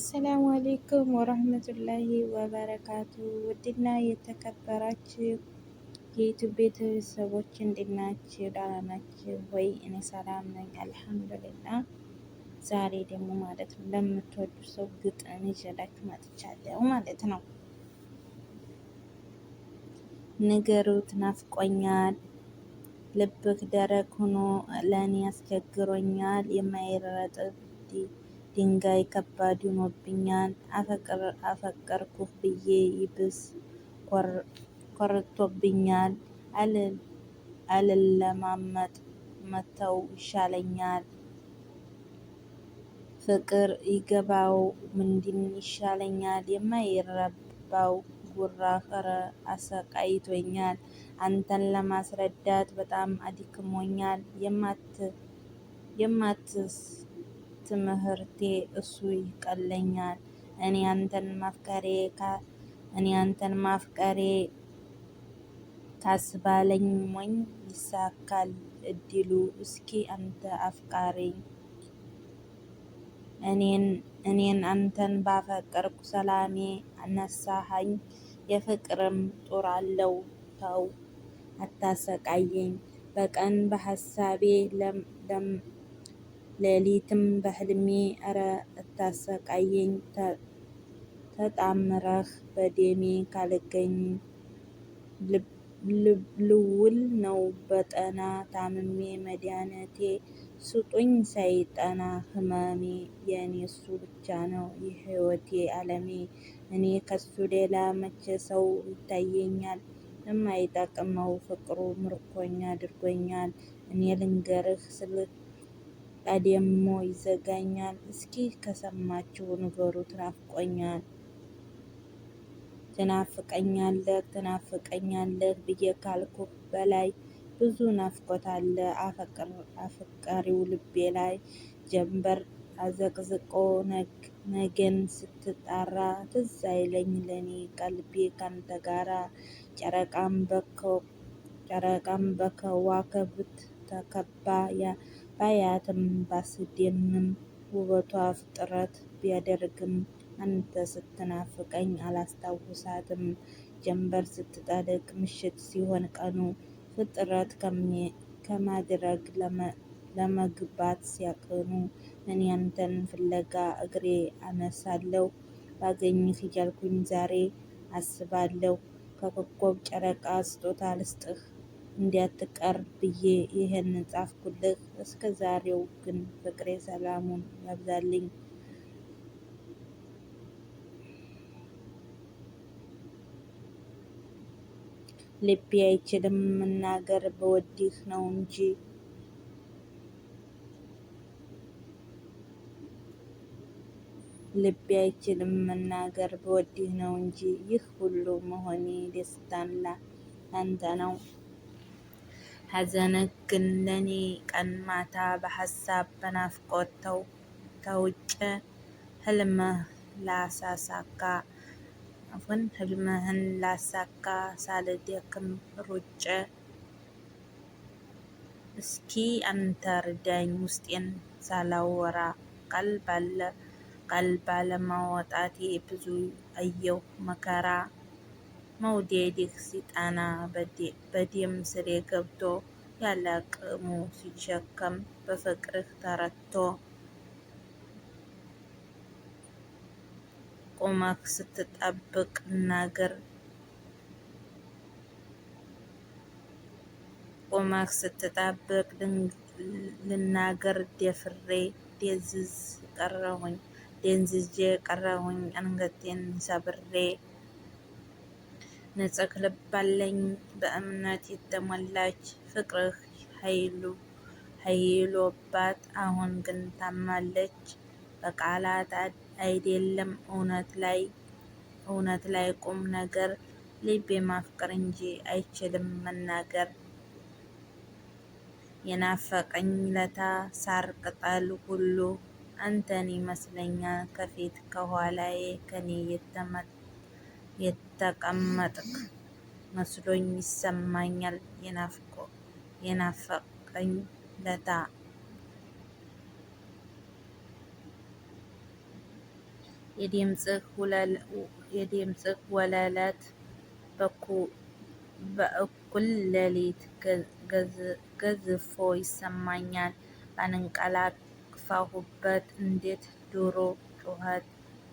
አሰላሙ አሌይኩም ወረህመቱላሂ ወበረካቱ። ውድና የተከበራችሁ የዩቱብ ቤተሰቦች እንዴት ናችሁ? ደህና ናችሁ ወይ? እኔ ሰላም ነኝ አልሐምዱሊላ። ዛሬ ደግሞ ማለት ነው ለምትወዱ ሰው ግጥም ይዤላችሁ መጥቻለሁ ማለት ነው። ንገሩት ናፍቆኛል ልብክ ደረቅ ሆኖ ለእኔ ያስቸግሮኛል የማይረጥብ ድንጋይ ከባድ ሆኖብኛል አፈቀርኩህ ብዬ ይብስ ኮርቶብኛል አልለማመጥ መተው ይሻለኛል ፍቅር ይገባው ምንድን ይሻለኛል የማይረባው ጉራ ኸረ አሰቃይቶኛል አንተን ለማስረዳት በጣም አድክሞኛል የማትስ ትምህርቴ እሱ ይቀለኛል። እኔ አንተን ማፍቀሬ እኔ አንተን ማፍቀሬ ካስባለኝ ሞኝ ይሳካል እድሉ እስኪ አንተ አፍቃሪ እኔን አንተን ባፈቀርኩ ሰላሜ አነሳሃኝ የፍቅርም ጦር አለው ተው አታሰቃየኝ። በቀን በሀሳቤ ሌሊትም በህልሜ እረ እታሰቃየኝ ተጣምረህ በደሜ ካልገኝ ልውል ነው በጠና ታምሜ መድኃኒቴ ስጡኝ ሳይጠና ህመሜ የኔ እሱ ብቻ ነው የሕይወቴ አለሜ እኔ ከሱ ሌላ መቼ ሰው ይታየኛል የማይጠቅመው ፍቅሩ ምርኮኛ አድርጎኛል እኔ ልንገርህ ስልህ ቀደሞ ይዘጋኛል። እስኪ ከሰማችሁ ንገሩ። ናፍቆኛል ትናፍቀኛለህ ትናፍቀኛለህ ብዬ ካልኩ በላይ ብዙ ናፍቆት አለ አፈቀሪው ልቤ ላይ ጀንበር አዘቅዝቆ ነገን ስትጣራ ትዝ አይለኝ ለኔ ቀልቤ ካንተ ጋራ ጨረቃም በከዋክብት ተከባ ባያትም ባስድንም ውበቷ ፍጥረት ቢያደርግም አንተ ስትናፍቀኝ አላስታውሳትም። ጀንበር ስትጠልቅ ምሽት ሲሆን ቀኑ ፍጥረት ከማድረግ ለመግባት ሲያቅኑ እኔ አንተን ፍለጋ እግሬ አነሳለሁ ባገኝ እያልኩኝ ዛሬ አስባለሁ ከኮከብ ጨረቃ ስጦታ ልስጥህ እንዲያትቀር ብዬ ይህንን ጻፍኩልህ። እስከ ዛሬው ግን ፍቅሬ ሰላሙን ያብዛልኝ። ልቤ አይችልም መናገር በወዲህ ነው እንጂ ልቤ አይችልም መናገር በወዲህ ነው እንጂ ይህ ሁሉ መሆኔ ደስታና ላንተ ነው። ሐዘንህ ለኔ ቀን ማታ በሐሳብ በናፍቆት ከውጭ ህልምህ ላሳሳካ አፉን ህልምህን ላሳካ ሳልደክም ሩጭ እስኪ አንተ ርዳኝ ውስጤን ሳላወራ ቃል ባለማውጣቴ ብዙ አየሁ መከራ መውደድ ሲጠና በደም ስሬ ገብቶ ያለ አቅሙ ሲሸከም በፍቅርህ ተረቶ ቁመክ ስትጠብቅ ነገር ቁመክ ስትጠብቅ ልናገር ደፍሬ ደንዝዤ ቀረሁኝ አንገቴን ሰብሬ ንጹሕ ልባለኝ በእምነት የተሞላች ፍቅርህ ኃይሎባት አሁን ግን ታማለች። በቃላት አይደለም እውነት ላይ ቁም ነገር ልቤ ማፍቀር እንጂ አይችልም መናገር። የናፈቀኝ ለታ ሳር ቅጠል ሁሉ አንተን ይመስለኛል ከፊት ከኋላዬ ከኔ የተቀመጥክ መስሎኝ ይሰማኛል የናፈቀኝ ለታ የድምፅህ ወለላት በእኩል ሌሊት ገዝፎ ይሰማኛል ባንቀላፋሁበት እንዴት ዶሮ ጩኸት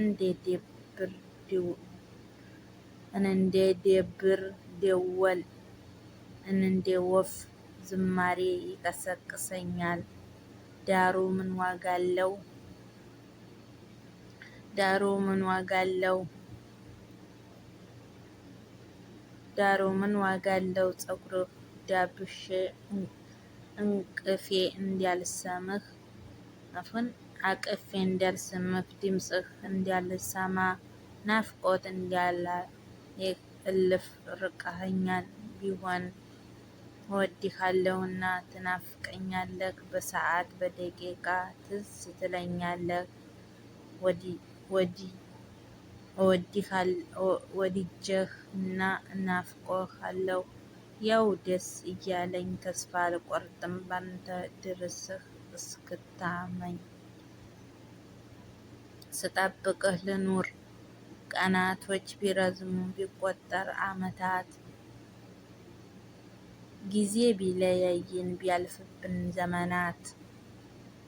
እንዴት የብርድ እንዴ ደብር ደወል እንደ ወፍ ዝማሬ ይቀሰቅሰኛል። ዳሩ ምን ዋጋ አለው? ዳሩ ምን ዋጋ አለው? ዳሩ ምን ዋጋ አለው? ፀጉር ዳብሼ እንቅፌ እንዳልሰምህ አፉን አቅፌ እንዳልሰምህ ድምፅህ እንዳልሰማ ናፍቆት እንዳላ እልፍ ርቀኸኛል ቢሆን እወድሃለሁና ትናፍቀኛለህ፣ በሰዓት በደቂቃ ትዝ ትለኛለህ። ወድጄህና አለው! ያው ደስ እያለኝ ተስፋ አልቆርጥም ባንተ ድርስህ እስክታመኝ ስጠብቅህ ልኑር ቀናቶች ቢረዝሙ ቢቆጠር አመታት ጊዜ ቢለያይን ቢያልፍብን ዘመናት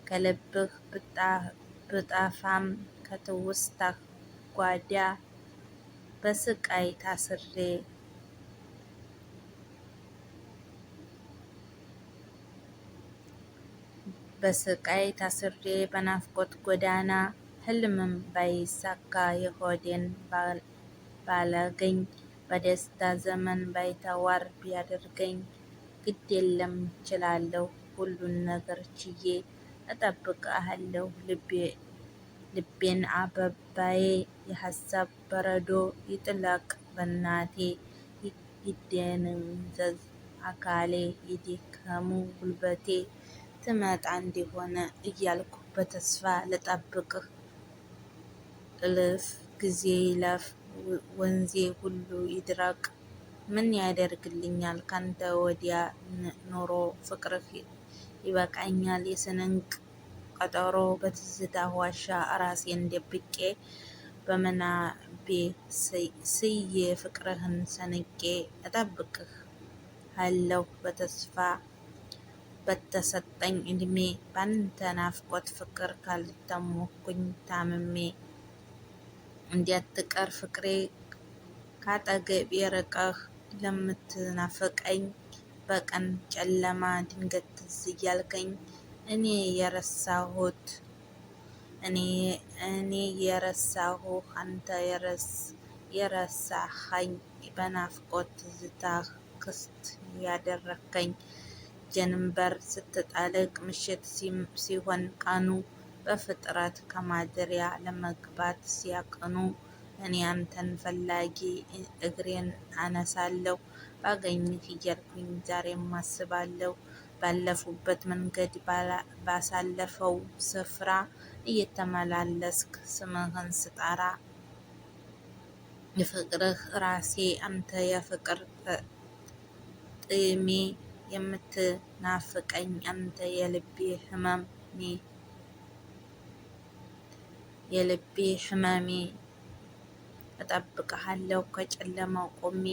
ከልብህ ብጠፋም ከትውስታህ ጓዳ በስቃይ ታስሬ በስቃይ ታስሬ በናፍቆት ጎዳና ህልምም ባይሳካ የሆዴን ባለገኝ በደስታ ዘመን ባይተዋር ቢያደርገኝ ግድ የለም ሁሉን ነገር ችዬ እጠብቅሃለሁ ልቤን አበባዬ የሀሳብ በረዶ ይጥለቅ በናቴ ይደንዘዝ አካሌ የደከሙ ጉልበቴ ትመጣ እንደሆነ እያልኩ በተስፋ ልጠብቅህ እልፍ ጊዜ ይለፍ ወንዜ ሁሉ ይድረቅ ምን ያደርግልኛል ካንተ ወዲያ ኖሮ ፍቅርህ ይበቃኛል። የስንንቅ ቀጠሮ በትዝታ ዋሻ ራሴን ደብቄ በመናቤ ስዬ ፍቅርህን ሰንቄ እጠብቅህ አለሁ በተስፋ በተሰጠኝ እድሜ ባንተ ናፍቆት ፍቅር ካልተሞኩኝ ታምሜ እንዲያትቀር ፍቅሬ ካጠገብ የረቀህ ለምትናፍቀኝ በቀን ጨለማ ድንገት ትዝ እያልከኝ እኔ የረሳሁት እኔ የረሳሁ አንተ የረሳኸኝ በናፍቆት ትዝታህ ክስት ያደረከኝ ጀንበር ስትጠልቅ ምሽት ሲሆን ቀኑ በፍጥረት ከማደሪያ ለመግባት ሲያቅኑ እኔ አንተን ፈላጊ እግሬን አነሳለሁ፣ ባገኝህ እያልኩኝ ዛሬም አስባለሁ። ባለፉበት መንገድ ባሳለፈው ስፍራ እየተመላለስክ ስምህን ስጠራ የፍቅርህ ራሴ አንተ የፍቅር ጥሜ የምትናፍቀኝ አንተ የልቤ ህመም እኔ የልቤ ህመሜ እጠብቅሃለሁ ከጨለማው ቆሜ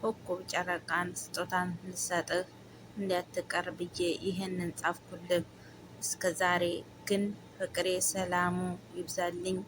ኮከብ ጨረቃን ስጦታን ልሰጥህ እንዲያትቀር ብዬ ይህንን ጻፍኩልህ። እስከ ዛሬ ግን ፍቅሬ ሰላሙ ይብዛልኝ።